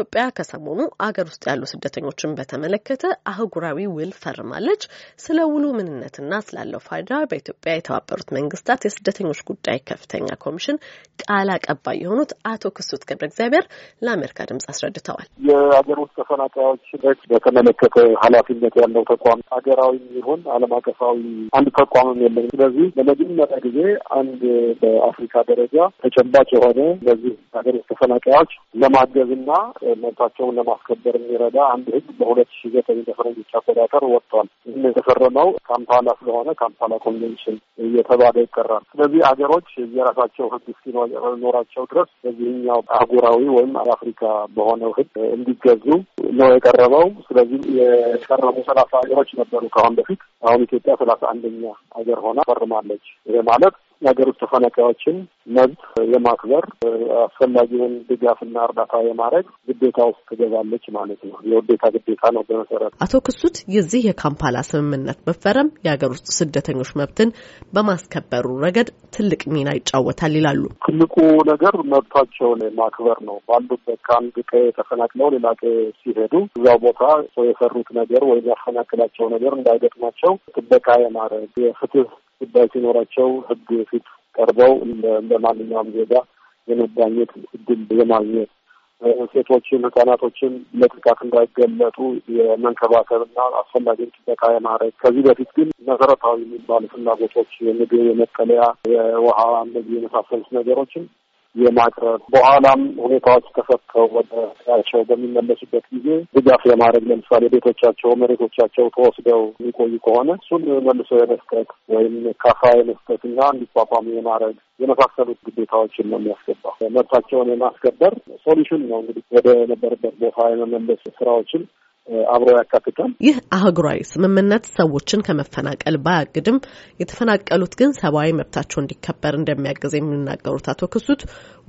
ኢትዮጵያ ከሰሞኑ አገር ውስጥ ያሉ ስደተኞችን በተመለከተ አህጉራዊ ውል ፈርማለች። ስለ ውሉ ምንነትና ስላለው ፋይዳ በኢትዮጵያ የተባበሩት መንግስታት የስደተኞች ጉዳይ ከፍተኛ ኮሚሽን ቃል አቀባይ የሆኑት አቶ ክሱት ገብረ እግዚአብሔር ለአሜሪካ ድምጽ አስረድተዋል። የአገር ውስጥ ተፈናቃዮች በተመለከተ ኃላፊነት ያለው ተቋም ሀገራዊ ይሁን ዓለም አቀፋዊ አንድ ተቋምም የለም። ስለዚህ ለመጀመሪያ ጊዜ አንድ በአፍሪካ ደረጃ ተጨባጭ የሆነ እነዚህ ሀገር ውስጥ ተፈናቃዮች ለማገዝና መብታቸውን ለማስከበር የሚረዳ አንድ ህግ በሁለት ሺ ዘጠኝ በፈረንጆች አቆጣጠር ወጥቷል። ይህም የተፈረመው ካምፓላ ስለሆነ ካምፓላ ኮንቬንሽን እየተባለ ይጠራል። ስለዚህ አገሮች የራሳቸው ህግ እስኪኖራቸው ድረስ በዚህኛው አህጉራዊ ወይም አፍሪካ በሆነው ህግ እንዲገዙ ነው የቀረበው። ስለዚህ የቀረቡ ሰላሳ ሀገሮች ነበሩ ከአሁን በፊት አሁን ኢትዮጵያ ሰላሳ አንደኛ ሀገር ሆና ፈርማለች። ይሄ ማለት የሀገር ውስጥ ተፈናቃዮችን መብት የማክበር አስፈላጊውን ድጋፍና እርዳታ የማድረግ ግዴታ ውስጥ ትገባለች ማለት ነው። የውዴታ ግዴታ ነው በመሰረት አቶ ክሱት የዚህ የካምፓላ ስምምነት መፈረም የሀገር ውስጥ ስደተኞች መብትን በማስከበሩ ረገድ ትልቅ ሚና ይጫወታል ይላሉ። ትልቁ ነገር መብታቸውን ማክበር ነው። ባሉበት ከአንድ ቀ ተፈናቅለው ሌላ ቀ ሲሄዱ እዛው ቦታ ሰው የሰሩት ነገር ወይም ያፈናቅላቸው ነገር እንዳይገጥማቸው ጥበቃ የማድረግ የፍትህ ጉዳይ ሲኖራቸው ህግ ፊት ቀርበው እንደ ማንኛውም ዜጋ የመዳኘት እድል የማግኘት ሴቶችን፣ ህጻናቶችን ለጥቃት እንዳይገለጡ የመንከባከብና አስፈላጊውን ጥበቃ የማድረግ ከዚህ በፊት ግን መሰረታዊ የሚባሉ ፍላጎቶች የምግብ፣ የመጠለያ፣ የውሃ እንደዚህ የመሳሰሉት ነገሮችን የማቅረብ በኋላም ሁኔታዎች ተፈተው ወደ ስራቸው በሚመለሱበት ጊዜ ድጋፍ የማድረግ ለምሳሌ ቤቶቻቸው፣ መሬቶቻቸው ተወስደው የሚቆዩ ከሆነ እሱን መልሶ የመስጠት ወይም ካሳ የመስጠት እና እንዲቋቋሙ የማድረግ የመሳሰሉት ግዴታዎችን ነው የሚያስገባ። መብታቸውን የማስከበር ሶሉሽን ነው እንግዲህ ወደ ነበረበት ቦታ የመመለስ ስራዎችን አብሮ ያካትቷል። ይህ አህጉራዊ ስምምነት ሰዎችን ከመፈናቀል ባያግድም የተፈናቀሉት ግን ሰብአዊ መብታቸው እንዲከበር እንደሚያግዝ የሚናገሩት አቶ ክሱት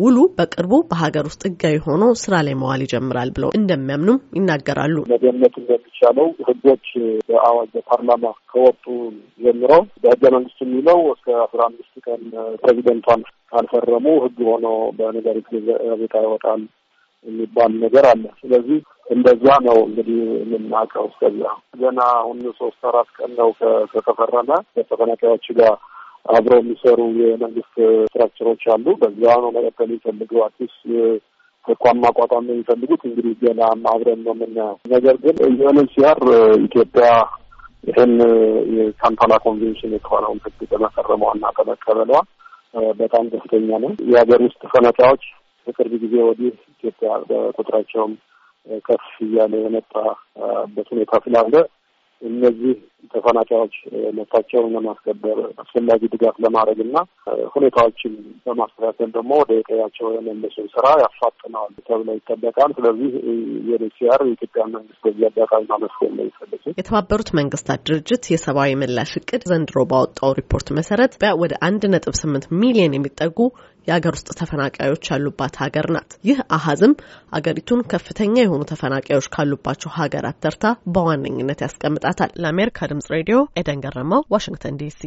ውሉ በቅርቡ በሀገር ውስጥ ሕጋዊ ሆኖ ስራ ላይ መዋል ይጀምራል ብለው እንደሚያምኑም ይናገራሉ። መገነት እንደሚቻለው ህጎች በአዋጅ በፓርላማ ከወጡ ጀምሮ በህገ መንግስት የሚለው እስከ አስራ አምስት ቀን ፕሬዚደንቷን ካልፈረሙ ህግ ሆኖ በነገሪት ጋዜጣ ይወጣል የሚባል ነገር አለ። ስለዚህ እንደዛ ነው እንግዲህ የምናውቀው። እስከዚያ ገና አሁን ሶስት አራት ቀን ነው ከተፈረመ ከተፈናቃዮች ጋር አብረው የሚሰሩ የመንግስት ስትራክቸሮች አሉ። በዛ ነው መቀጠል የሚፈልጉ አዲስ ተቋም ማቋቋም ነው የሚፈልጉት። እንግዲህ ገና አብረን ነው የምናየው። ነገር ግን ዩኤንኤችሲአር ኢትዮጵያ ይህን የካምፓላ ኮንቬንሽን የተባለውን ሕግ በመፈረሟና በመቀበሏ በጣም ደስተኛ ነው። የሀገር ውስጥ ፈነቃዎች በቅርብ ጊዜ ወዲህ ኢትዮጵያ በቁጥራቸውም ከፍ እያለ የመጣበት ሁኔታ ስላለ እነዚህ ተፈናቃዮች መብታቸውን ለማስከበር አስፈላጊ ድጋፍ ለማድረግ እና ሁኔታዎችን በማስተካከል ደግሞ ወደ ቀያቸው የመለሱን ስራ ያፋጥነዋል ተብሎ ይጠበቃል። ስለዚህ የዩኤንኤችሲአር የኢትዮጵያ መንግስት በዚህ አጋጣሚ ማመስገን ነው ይፈልግ የተባበሩት መንግስታት ድርጅት የሰብአዊ ምላሽ እቅድ ዘንድሮ ባወጣው ሪፖርት መሰረት ወደ አንድ ነጥብ ስምንት ሚሊዮን የሚጠጉ የሀገር ውስጥ ተፈናቃዮች ያሉባት ሀገር ናት። ይህ አሀዝም አገሪቱን ከፍተኛ የሆኑ ተፈናቃዮች ካሉባቸው ሀገራት ተርታ በዋነኝነት ያስቀምጣል። ይሰጣታል። ለአሜሪካ ድምጽ ሬዲዮ ኤደን ገረመው፣ ዋሽንግተን ዲሲ